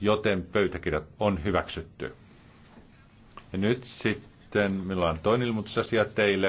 joten pöytäkirjat on hyväksytty. Ja nyt sitten meillä on toinen ilmoitusasia teille.